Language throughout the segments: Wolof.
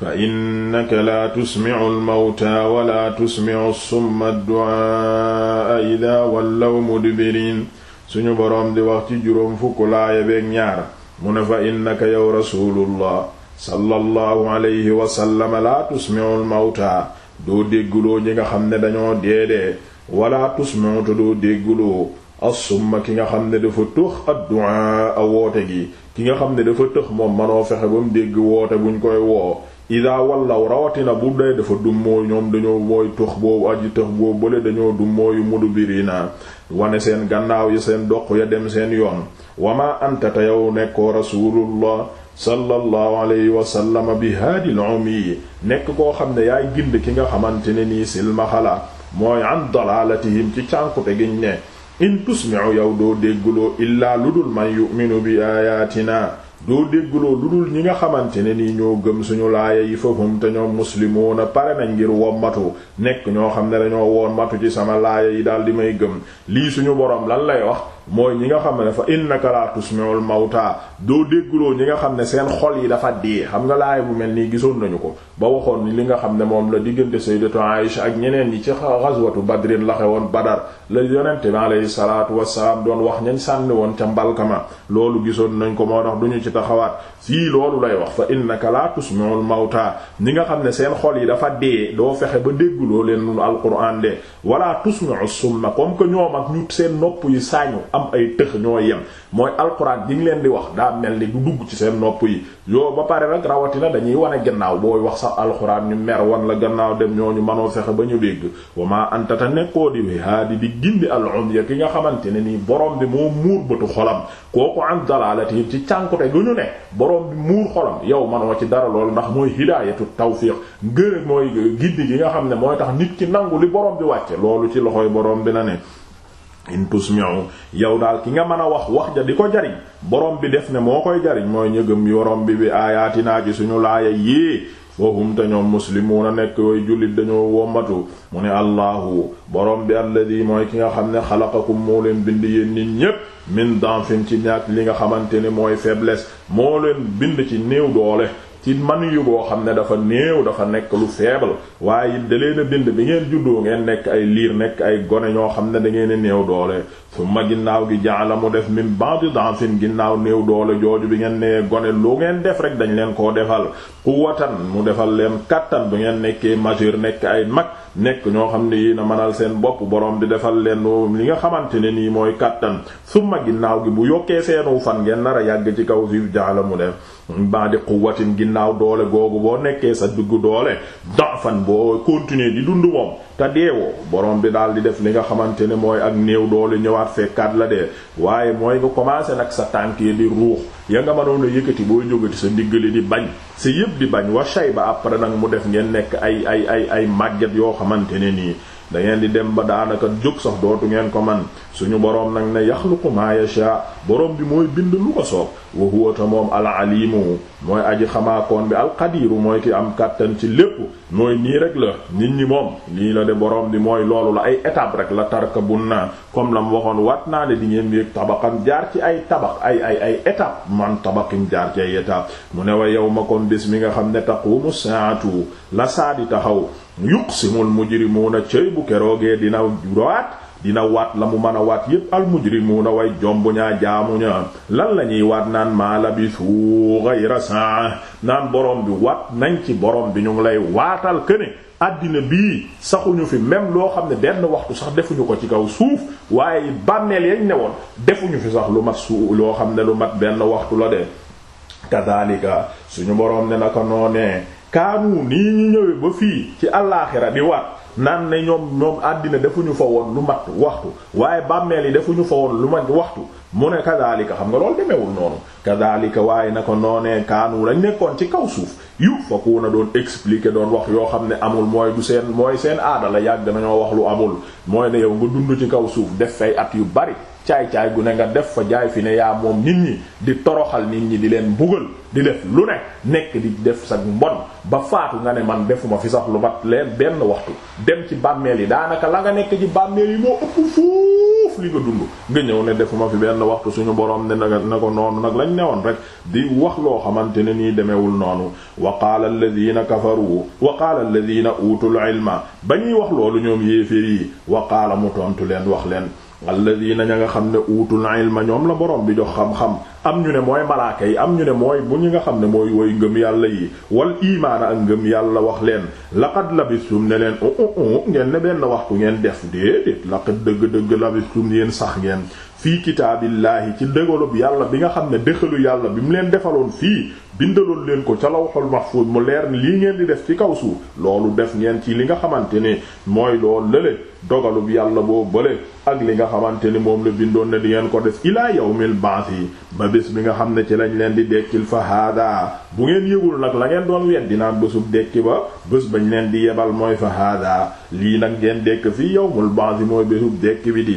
fa innaka laa tusmicu almawta wala tusmicu summa adduaa ida wallaw mudbiriin suñu boroom di wax ci juróom fukk laaya beeg ñaar mu ne fa innaka yow rasuulullah sallallahu alayhi wasallama laa tusmicu almawta doo dégguloo ñi nga xam ne dañoo deedee wala tusmicu te doo dégguloo assumma ki nga xam ne dafa tëx adduaa a woote gi ki nga xam ne dafa tëx moom manoo fexe ba mu dégg woote buñ koy woo ida wallaw rawatina bu dee dafa dummóoyu ñoom dañoo wooy tux boobu aji tux boo bale dañoo dummóoyu mudbirina wane seen gannaaw yi seen doq ya dem seen yoon wama anta te yow nekkoo rasulullah sallallahu alayhi wasallama bi haadil umi yi nekk koo xam ne yaay gind ki nga xamante ne nii silmaxala mooy an dalaalatihim ci cànkute giñ ne in tusmi'u yow doo dégguloo illaa ludul man yu'minu bi ayatina doo déggloo lu dul ñi nga xamante ne nii ñoo gëm suñu laaya yi fahum te ñoom muslimuuna pare nañ ngir wommatu nekk ñoo xam ne dañoo woon matu ci sama laaya yi daal di may gëm lii suñu boroom lan lay wax mooy ñi nga xam ne fa innaka la tusmi'ul mawta doo déggloo ñi nga xam ne seen xol yi dafa dee xam nga laay bu mel nii gisoon nañu ko ba waxoon ni li nga xam ne moom la diggante sayyidatu Aïsha ak ñeneen ñi ci ghazwatu Badrin la xewoon Badar la yonente bi alayhi salaatu wassalaam doon wax ñañ sànni woon ca mbalkama loolu gisoon nañ ko moo tax duñu ci taxawaat sii loolu lay wax fa innaka la tusmi'ul mawta ñi nga xam ne seen xol yi dafa dee doo fexe ba dégguloo leen nunu alquran de wala tusmi'us summa comme que ñoom ak ñu seen nopp yi sañu am ay tëx ñoo yem mooy alxuraan ji ngi leen di wax daa mel ni du dugg ci seen nopp yi yow ba pare rek rawatina dañuy wane gannaaw booy wax sax alxuraan ñu mer wan la gannaaw dem ñoo ñu manoo fexe ba ñu dégg wa maa anta ta nekkoo di haadi di gindi alomya ki nga xamante ne nii borom bi moo muur bëtu xolam kooku an dalaalati ci cànkute gu ñu ne borom bi muur xolam yow manoo ci dara loolu ndax mooy hidaayatu tawfiq ngër mooy gindi gi nga xam ne mooy tax nit ki nangu li borom bi wàcce loolu ci loxoy borom bi na ne in tusmi'u yow daal ki nga mën a wax wax ja di ko jariñ borom bi def ne moo koy jariñ mooy ñëgëm yorom bi bi aayaatinaa ci suñu laaya yii foohum te ñoom muslimuuna nekk yooyu jullit dañoo wommatu mu ne allahu borom bi alladi mooy ki nga xam ne xalaqakum moo leen bind yéen nit ñépp min danfin ci ñaat li nga xamante ne mooy faiblesse moo leen bind ci néew doole ci man yu boo xam ne dafa néew dafa nekk lu faible waaye it da leen a bind bi ngeen juddoo ngeen nekk ay liir nekk ay gone ñoo xam ne da ngeen a néew doole summa ginnaaw gi la mu def min ba'di da'fin ginnaaw néew doole jooju bi ngeen nee gone lu ngeen def rek dañ leen koo defal quwwatan mu defal leen kattan bu ngeen nekkee majeur nekk ay mag nekk ñoo xam ne yéen a mënal seen bopp boroom di defal leen li nga xamante ne nii mooy kattan summa ginnaaw gi bu yokkee seenu fan ngeen nar a yàgg ci kaw suuf jaala mu def ba'di quwwatin naaw doole googu boo nekkee sa duggu doole dafan boo continuer di dund moom te deewoo borom bi daal di def li nga xamante ne mooy ak néew doole ñëwaat fekkaat la dee waaye mooy nga commencé nag sa tànk yi di ruux ya nga mënoon a yëkkati boo jógati sa li di bañ sa yëpp di bañ wax shay ba après nag mu def ngeen nekk ay ay ay ay màgget yoo xamante ne nii da ngeen di dem ba daanaka jóg sax dootu ngeen ko man suñu boroom nag ne yaxluqu ma yasha boroom bi mooy bind lu ko soob wa huwa ta moom al alimu mooy aji xamaakoon bi alqadiiru mooy ki am kàttan ci lépp mooy nii rek la nit ñi moom lii la de boroom bi mooy loolu la ay étape rek la bun naa comme la mu waxoon wat naa ne di ngeen yéeg tabaxan jaar ci ay tabax ay ay ay étape man tabaxin jaar ci ay étape mu ne wa yow ma kon bés mi nga xam ne taqumu saatu la saa di taxaw si yuqsimul na cëy bu keroogee dina waat dina waat la mu mën a waat yépp al mujrimuuna way jomb ñaa jaamu ña lan la ñuy waat naan maa labisu ghayra sa'a naan borom bi waat nañ ci borom bi ñu ngi lay waatal këne àddina bii saxuñu fi même loo xam ne benn waxtu sax defuñu ko ci kaw suuf waaye bànneel yañ ne woon defuñu fi sax lu mat su loo xam ne lu mat benn waxtu la de kadhalika suñu borom ne naka noonee kaanu nii ñu ñëwee ba fii ci allaaxira bi waat naan ne ñoom ñoom àddina defuñu fa woon lu mat waxtu waaye bàmmeel yi defuñu fa woon lu mat waxtu mu ne kadhalika xam nga loolu demewul noonu kadhalika waaye na ko noonee kaanu lañ nekkoon ci kaw suuf yu fakuu na doon expliquer doon wax yoo xam ne amul mooy du seen mooy seen aadala la yàgg nañoo wax lu amul mooy ne yow nga dund ci kaw suuf def fay at yu bari caay-caay gu ne nga def fa jaay fi ne yaa moom nit ñi di toroxal nit ñi di leen mbugal di def lu ne nekk di def sa mbon ba faatu nga ne man defuma fi sax lu mat leen benn waxtu dem ci bàmmeel yi daanaka la nekk ci bàmmeel yi fuuf li nga dund nga ñëw ne defuma fi benn waxtu suñu borom ne nag na ko noonu nag lañ woon rek di wax loo xamante ne nii demewul noonu wa qaala alladina kafaru wa qaala alladina utul ilma ba ñuy wax loolu ñoom yéeféer yi wa qaala mu tontu leen wax leen alladina ña nga xam ne utul ma ñoom la borom bi jox xam-xam am ñu ne mooy malaaka yi am ñu ne mooy bu ñu nga xam ne mooy woy ngëm yàlla yi wal iimaana ak ngëm yàlla wax leen laqad labistum ne leen u oh, oh, oh, ngeen ne benn ku ngeen def déedéet laqad dëgg-dëgg labistum yéen sax ngeen fii kitaabillaahi ci dégalub yàlla bi nga xam ne déxalu yàlla bi mu leen defaloon fii bindaloon leen ko ca lawhul mahfuz mu leer ni lii ngeen di def ci kaw suuf loolu def ngeen ci li nga xamante ni mooy loolu lële dogalub yàlla boo bële ak li nga xamante ni moom la bindoon ne di ngeen ko def ilaa yawmil ba'th yi ba bés bi nga xam ne ci lañ leen di dekkil fa haada bu ngeen yëgul nag la ngeen doon weddi dinaa bésub dekki ba bés bañ leen di yebal mooy fa haada lii nag ngeen dekk fii yawmul ba'th yi mooy bésub dekki bi di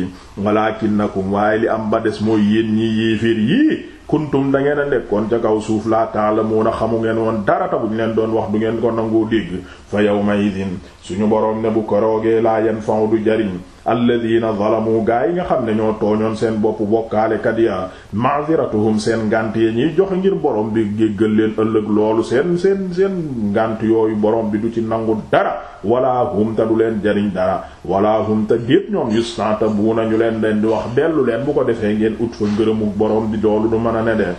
waaye li am ba des mooy yéen ñi yéeféer yii kuntum da ngeen a nekkoon ca kaw suuf laa taalamuuna xamu ngeen woon dara ta buñ leen doon wax du ngeen ko nangoo dégg fa may idin suñu boroom ne bu koroogee laa yan faw du jariñ alladina zalamu gaa yi nga xam ne ñoo tooñoon seen bopp bokkaalekat ya ma'ziratuhum seen ngànt ya ñuy joxe ngir borom bi jéggal leen ëllëg loolu seen seen seen ngànt yooyu borom bi du ci nangu dara walaa hum ta du leen jariñ dara walaa hum ta déet ñoom yustanta bu ñu leen leen di wax dellu leen bu ko defee ngeen ut fa ngërëmu borom bi doolu du mën a ne de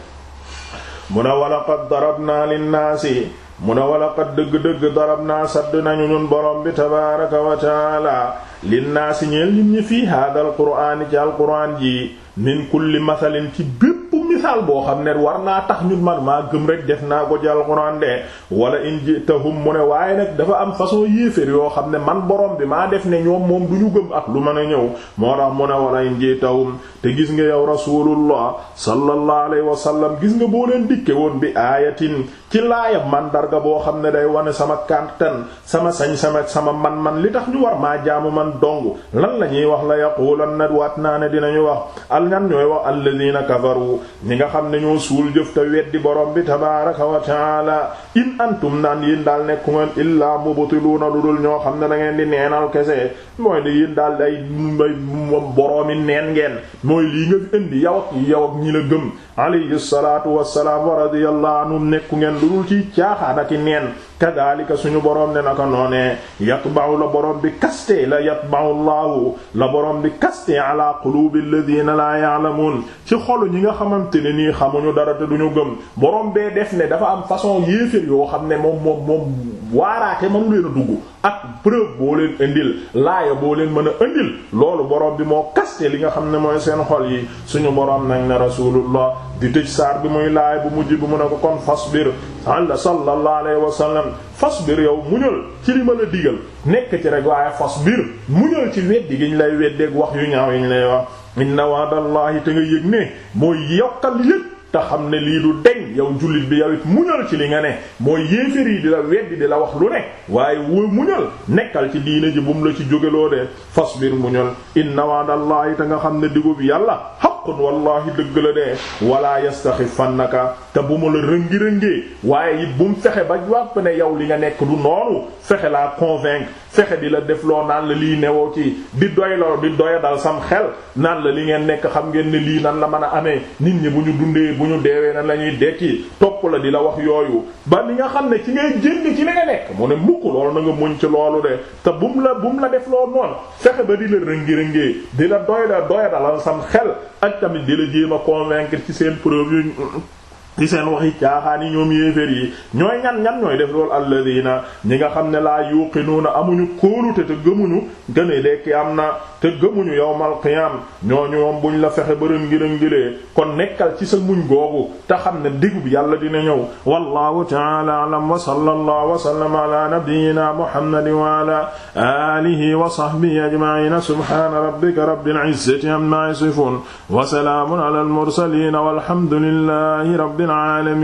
mu ne walaqad darabna linnaasi mu ne wala qad dëgg-dëgg darab naa sadd nañu ñun borom bi tabaaraka wa taala linnaasi ñeel nit ñi fii haadal qur'aani ci alqur'aan ji min kulli masalin ci bépp misaal boo xam ne war naa tax ñun man maa gëm rek def naa ko ci alxuraan de wala in jitahum mu ne waaye nag dafa am façon yéeféer yoo xam ne man borom bi maa def ne ñoom moom du ñu gëm ak lu mën a ñëw moo tax mu ne wala in jitahum te gis nga yow rasulullah sallallahu alayhi wa sallam gis nga boo bi aayatin ci laayam mandarga boo xam ne day wane sama kàttan sama sañ sama sama man-man li tax ñu war maa jaamu man dong lan la ñuy wax la yaqulan na wat naa ne dina dinañu wax al ñan ñooy wax alladina kafaru ñi nga xam ne ñoo suul jëf te weddi borom bi tabaraka wa taala in antum naan yéen daal nekku ngeen illaa mubtiluuna lu dul ñoo xam ne da ngeen di neenal kese mooy ne yéen daal ay ay boroomi neen ngeen mooy lii nga indi yow ak yow ñi la gëm alayhi salaatu wassalaam wa radiyallahu anhu nekku ngeen dul ci caaxaan ak i neen kadaalika suñu borom ne naka noonee yatba'u la borom bi kaste la yatba'u laahu la boroom bi kaste la qulubi alladhina la ya'lamun ci xolu ñi nga xamante ne nii xamuñu dara te duñu gëm boroom bee def ne dafa am façon yéefér yoo xam ne moom moom moom waaraate mënu leen a dugg ak preuve boo leen indil laaya boo leen mën a indil loolu borom bi moo kaste li nga xam ne mooy seen xol yi suñu borom nag ne rasulullah di tëj saar bi muy laay bu mujj bu mu a ko kon fasbir sàlla sallallahu alayhi wa sallam fasbir yow muñal ci li ma la digal nekk ci rek waaye fasbir muñal ci weddi gi ñu lay weddeeg wax yu ñaaw yi lay wax inna wa'dallahi te nga yëg ne mooy yokkal yëg te xam ne lii du deñ yow jullit bi yow it muñal ci li nga ne mooy yéefér yi di la weddi di la wax lu ne waaye woo muñal nekkal ci diine ji bu la ci jógeloo de fasbir muñal inna wa'dallahi te nga xam ne digub yàlla haqqun wallahi dëgg la dee de wala yastaxifannaka te bu mu la rëngi-rëngee waaye it bum mu fexe ba jàpp ne yow li nga nekk du noonu fexe laa convaincre fexe di la def loo naan la lii newoo ci di doy loo di doy dal sam xel naan la li ngeen nekk xam ngeen ne lii nan la mën a amee nit ñi bu ñu dundee bu ñu deewee nan la ñuy dekki topp la di la wax yooyu ba li nga xam ne ci ngay génn ci li nga nekk mu ne mukk loolu na nga muñ ci loolu de te bum la bum la def loo noonu fexe ba di la rëngi-rëngee di la doy la doya dalal sam xel ak tamit di la jéem a convaincre ci seen preuve ci seen waxi caaxaan yi ñoom yéeféer yi ñooy ñan ñan ñooy def loolu alladina ñi nga xam ne laa yuqinuuna amuñu kóolute te gëmuñu gëne dekki am na te gëmuñu yawmal qiyam ñooñu moom buñ la fexe bërën ngirëngilee kon nekkal ci sa muñ googu te xam ne digub yàlla dina ñëw wallahu ta'ala a'lam wa sallallahu wa sallama ala nabiyyina muhammadin wa ala alihi wa sahbihi ajma'in subhana rabbika rabbil izzati amma yasifun wa salamun ala al mursalin walhamdulillahi rabbil rabbil alamin